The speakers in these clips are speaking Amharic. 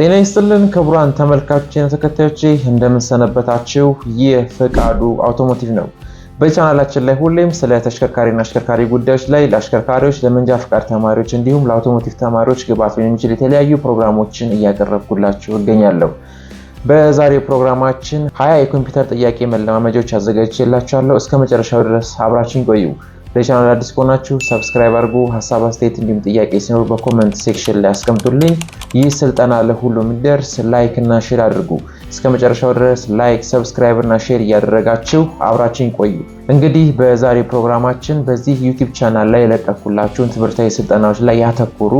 ጤና ይስጥልን ክቡራን ተመልካቾችና ተከታዮች እንደምንሰነበታችሁ። ይህ ፍቃዱ አውቶሞቲቭ ነው። በቻናላችን ላይ ሁሌም ስለ ተሽከርካሪና አሽከርካሪ ጉዳዮች ላይ ለአሽከርካሪዎች፣ ለመንጃ ፍቃድ ተማሪዎች እንዲሁም ለአውቶሞቲቭ ተማሪዎች ግብዓት የሚችል የተለያዩ ፕሮግራሞችን እያቀረብኩላችሁ እገኛለሁ። በዛሬው ፕሮግራማችን ሀያ የኮምፒውተር ጥያቄ መለማመጃዎች አዘጋጅቼላችኋለሁ። እስከ መጨረሻው ድረስ አብራችን ቆዩ። ለቻናል አዲስ ከሆናችሁ ሰብስክራይብ አድርጉ። ሀሳብ አስተያየት፣ እንዲሁም ጥያቄ ሲኖር በኮመንት ሴክሽን ላይ አስቀምጡልኝ። ይህ ስልጠና ለሁሉም እንዲደርስ ላይክ እና ሼር አድርጉ። እስከ መጨረሻው ድረስ ላይክ፣ ሰብስክራይብ እና ሼር እያደረጋችሁ አብራችን ቆዩ። እንግዲህ በዛሬ ፕሮግራማችን በዚህ ዩቲዩብ ቻናል ላይ የለቀኩላችሁን ትምህርታዊ ስልጠናዎች ላይ ያተኮሩ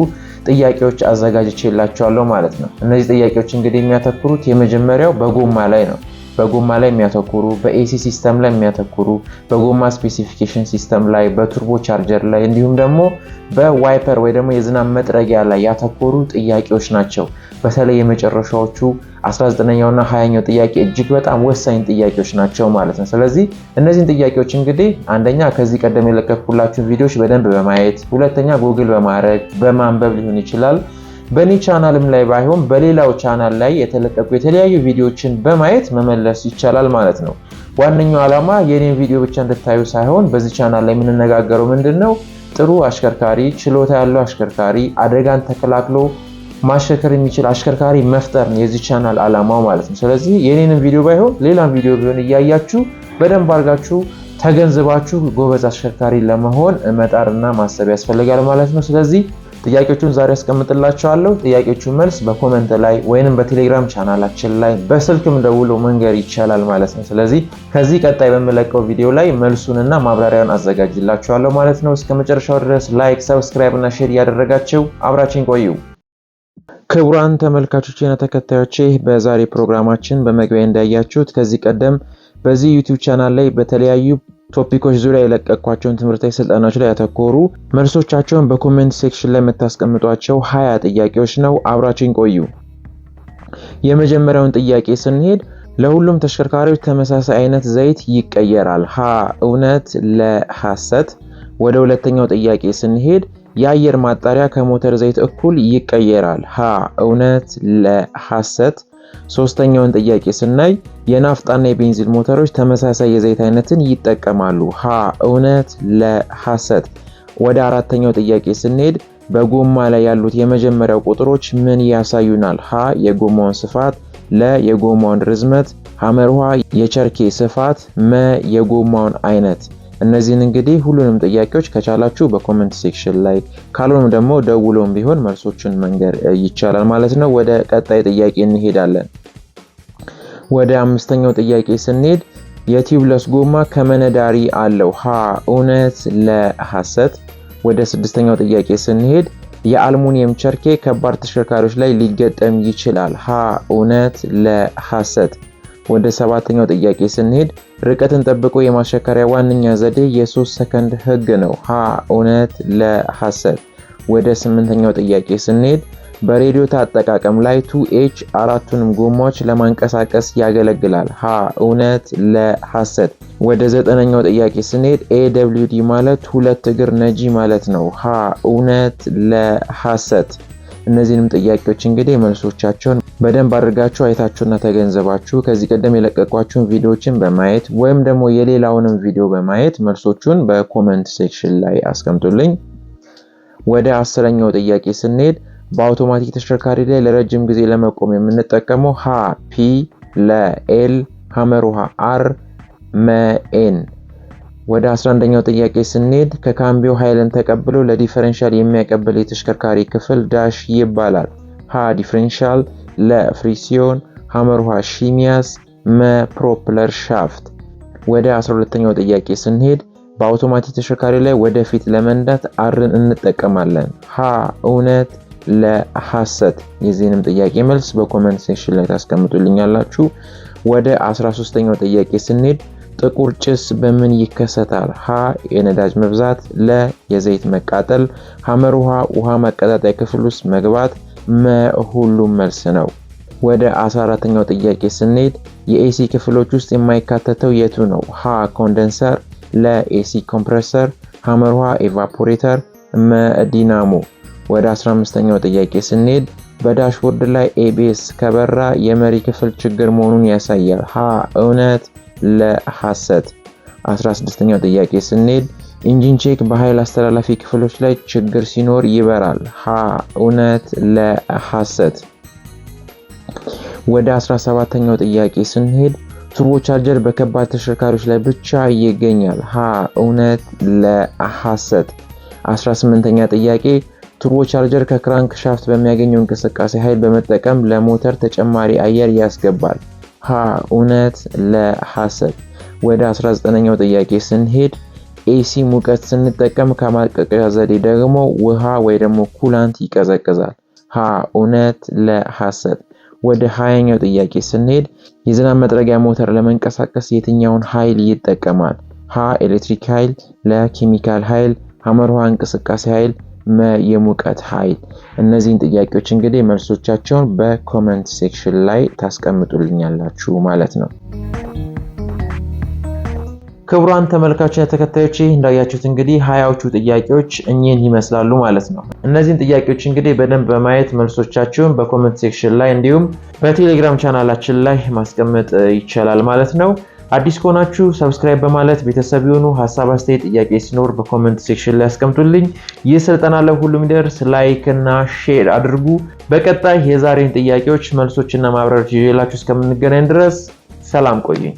ጥያቄዎች አዘጋጅቼላችኋለሁ ማለት ነው። እነዚህ ጥያቄዎች እንግዲህ የሚያተኩሩት የመጀመሪያው በጎማ ላይ ነው። በጎማ ላይ የሚያተኩሩ በኤሲ ሲስተም ላይ የሚያተኩሩ በጎማ ስፔሲፊኬሽን ሲስተም ላይ በቱርቦ ቻርጀር ላይ እንዲሁም ደግሞ በዋይፐር ወይ ደግሞ የዝናብ መጥረጊያ ላይ ያተኮሩ ጥያቄዎች ናቸው። በተለይ የመጨረሻዎቹ 19 ና 20ኛው ጥያቄ እጅግ በጣም ወሳኝ ጥያቄዎች ናቸው ማለት ነው። ስለዚህ እነዚህን ጥያቄዎች እንግዲህ አንደኛ ከዚህ ቀደም የለቀኩላችሁን ቪዲዮዎች በደንብ በማየት ሁለተኛ ጉግል በማድረግ በማንበብ ሊሆን ይችላል በእኔ ቻናልም ላይ ባይሆን በሌላው ቻናል ላይ የተለቀቁ የተለያዩ ቪዲዮዎችን በማየት መመለስ ይቻላል ማለት ነው። ዋነኛው ዓላማ የኔን ቪዲዮ ብቻ እንድታዩ ሳይሆን በዚህ ቻናል ላይ የምንነጋገረው ምንድን ነው? ጥሩ አሽከርካሪ፣ ችሎታ ያለው አሽከርካሪ፣ አደጋን ተከላክሎ ማሽከርከር የሚችል አሽከርካሪ መፍጠር ነው የዚህ ቻናል ዓላማው ማለት ነው። ስለዚህ የኔንም ቪዲዮ ባይሆን ሌላም ቪዲዮ ቢሆን እያያችሁ በደንብ አድርጋችሁ ተገንዝባችሁ ጎበዝ አሽከርካሪ ለመሆን መጣርና ማሰብ ያስፈልጋል ማለት ነው። ስለዚህ ጥያቄዎቹን ዛሬ አስቀምጥላቸዋለሁ። ጥያቄዎቹን መልስ በኮመንት ላይ ወይንም በቴሌግራም ቻናላችን ላይ በስልክም ደውሎ መንገር ይቻላል ማለት ነው። ስለዚህ ከዚህ ቀጣይ በምለቀው ቪዲዮ ላይ መልሱንና ማብራሪያውን አዘጋጅላቸዋለሁ ማለት ነው። እስከ መጨረሻው ድረስ ላይክ፣ ሰብስክራይብ እና ሼር እያደረጋችሁ አብራችን ቆዩ። ክቡራን ተመልካቾችና ተከታዮች በዛሬ ፕሮግራማችን በመግቢያ እንዳያችሁት ከዚህ ቀደም በዚህ ዩቲዩብ ቻናል ላይ በተለያዩ ቶፒኮች ዙሪያ የለቀቅኳቸውን ትምህርታዊ ስልጠናዎች ላይ ያተኮሩ መልሶቻቸውን በኮሜንት ሴክሽን ላይ የምታስቀምጧቸው ሀያ ጥያቄዎች ነው። አብራችን ቆዩ። የመጀመሪያውን ጥያቄ ስንሄድ ለሁሉም ተሽከርካሪዎች ተመሳሳይ አይነት ዘይት ይቀየራል። ሀ እውነት፣ ለሀሰት ወደ ሁለተኛው ጥያቄ ስንሄድ የአየር ማጣሪያ ከሞተር ዘይት እኩል ይቀየራል። ሀ እውነት፣ ለሀሰት ሶስተኛውን ጥያቄ ስናይ የናፍጣና የቤንዚን ሞተሮች ተመሳሳይ የዘይት አይነትን ይጠቀማሉ። ሀ እውነት፣ ለ ሐሰት። ወደ አራተኛው ጥያቄ ስንሄድ በጎማ ላይ ያሉት የመጀመሪያው ቁጥሮች ምን ያሳዩናል? ሀ የጎማውን ስፋት፣ ለ የጎማውን ርዝመት፣ ሐመርሃ የቸርኬ ስፋት፣ መ የጎማውን አይነት እነዚህን እንግዲህ ሁሉንም ጥያቄዎች ከቻላችሁ በኮመንት ሴክሽን ላይ ካልሆኑም ደግሞ ደውሎም ቢሆን መልሶችን መንገር ይቻላል ማለት ነው። ወደ ቀጣይ ጥያቄ እንሄዳለን። ወደ አምስተኛው ጥያቄ ስንሄድ የቲውብለስ ጎማ ከመነዳሪ አለው? ሀ እውነት፣ ለሀሰት ወደ ስድስተኛው ጥያቄ ስንሄድ የአልሙኒየም ቸርኬ ከባድ ተሽከርካሪዎች ላይ ሊገጠም ይችላል? ሀ እውነት፣ ለ ወደ ሰባተኛው ጥያቄ ስንሄድ ርቀትን ጠብቆ የማሸከሪያ ዋነኛ ዘዴ የሶስት ሰከንድ ህግ ነው። ሀ እውነት፣ ለ ሐሰት። ወደ ስምንተኛው ጥያቄ ስንሄድ በሬዲዮ አጠቃቀም ላይ ቱ ኤች አራቱንም ጎማዎች ለማንቀሳቀስ ያገለግላል። ሀ እውነት፣ ለ ሐሰት። ወደ ዘጠነኛው ጥያቄ ስንሄድ ኤ ደብልዩ ዲ ማለት ሁለት እግር ነጂ ማለት ነው። ሀ እውነት፣ ለ ሐሰት። እነዚህንም ጥያቄዎች እንግዲህ መልሶቻቸውን በደንብ አድርጋችሁ አይታችሁና ተገንዘባችሁ ከዚህ ቀደም የለቀቋችሁን ቪዲዮዎችን በማየት ወይም ደግሞ የሌላውንም ቪዲዮ በማየት መልሶቹን በኮመንት ሴክሽን ላይ አስቀምጡልኝ። ወደ አስረኛው ጥያቄ ስንሄድ በአውቶማቲክ ተሽከርካሪ ላይ ለረጅም ጊዜ ለመቆም የምንጠቀመው ሀ ፒ ለ ኤል ውሃ አር መኤን ወደ 11ኛው ጥያቄ ስንሄድ ከካምቢዮ ኃይልን ተቀብሎ ለዲፈረንሻል የሚያቀብል የተሽከርካሪ ክፍል ዳሽ ይባላል። ሀ ዲፈረንሻል፣ ለ ፍሪሲዮን፣ ሐመርሃ ሺሚያስ፣ መ ፕሮፕለር ሻፍት። ወደ 12ኛው ጥያቄ ስንሄድ በአውቶማቲክ ተሽከርካሪ ላይ ወደፊት ለመንዳት አርን እንጠቀማለን። ሀ እውነት፣ ለ ሐሰት። የዚህንም ጥያቄ መልስ በኮመንት ሴክሽን ላይ ታስቀምጡልኛላችሁ። ወደ 13ኛው ጥያቄ ስንሄድ ጥቁር ጭስ በምን ይከሰታል? ሀ የነዳጅ መብዛት፣ ለ የዘይት መቃጠል፣ ሐመር ውሃ ውሃ መቀጣጠያ ክፍል ውስጥ መግባት። መ ሁሉም መልስ ነው። ወደ 14ኛው ጥያቄ ስንሄድ የኤሲ ክፍሎች ውስጥ የማይካተተው የቱ ነው? ሀ ኮንደንሰር፣ ለ ኤሲ ኮምፕረሰር፣ ሐመር ውሃ ኤቫፖሬተር፣ መ ዲናሞ። ወደ 15ኛው ጥያቄ ስንሄድ በዳሽቦርድ ላይ ኤቢኤስ ከበራ የመሪ ክፍል ችግር መሆኑን ያሳያል። ሀ እውነት ለሐሰት 16ኛው ጥያቄ ስንሄድ ኢንጂን ቼክ በኃይል አስተላላፊ ክፍሎች ላይ ችግር ሲኖር ይበራል። ሀ እውነት፣ ለሐሰት። ወደ 17ኛው ጥያቄ ስንሄድ ቱርቦ ቻርጀር በከባድ ተሽከርካሪዎች ላይ ብቻ ይገኛል። ሀ እውነት፣ ለሐሰት። 18ኛ ጥያቄ ቱርቦ ቻርጀር ከክራንክ ሻፍት በሚያገኘው እንቅስቃሴ ኃይል በመጠቀም ለሞተር ተጨማሪ አየር ያስገባል። ሀ እውነት፣ ለሐሰት ወደ 19ኛው ጥያቄ ስንሄድ ኤሲ ሙቀት ስንጠቀም ከማቀቀያ ዘዴ ደግሞ ውሃ ወይ ደግሞ ኩላንት ይቀዘቅዛል። ሀ እውነት፣ ለሐሰት ወደ 20ኛው ጥያቄ ስንሄድ የዝናብ መጥረጊያ ሞተር ለመንቀሳቀስ የትኛውን ኃይል ይጠቀማል? ሀ ኤሌክትሪክ ኃይል፣ ለኬሚካል ኬሚካል ኃይል፣ ውሃ እንቅስቃሴ ኃይል መ የሙቀት ኃይል? እነዚህን ጥያቄዎች እንግዲህ መልሶቻቸውን በኮመንት ሴክሽን ላይ ታስቀምጡልኛላችሁ ማለት ነው። ክቡራን ተመልካቾችና ተከታዮች እንዳያችሁት እንግዲህ ሀያዎቹ ጥያቄዎች እኚህን ይመስላሉ ማለት ነው። እነዚህን ጥያቄዎች እንግዲህ በደንብ በማየት መልሶቻችሁን በኮመንት ሴክሽን ላይ እንዲሁም በቴሌግራም ቻናላችን ላይ ማስቀመጥ ይቻላል ማለት ነው። አዲስ ከሆናችሁ ሰብስክራይብ በማለት ቤተሰብ የሆኑ ሀሳብ፣ አስተያየት፣ ጥያቄ ሲኖር በኮመንት ሴክሽን ላይ ያስቀምጡልኝ። ይህ ስልጠና ለሁሉም ይደርስ ላይክ እና ሼር አድርጉ። በቀጣይ የዛሬን ጥያቄዎች መልሶችና ማብራሪያዎች ይዤላችሁ እስከምንገናኝ ድረስ ሰላም ቆዩኝ።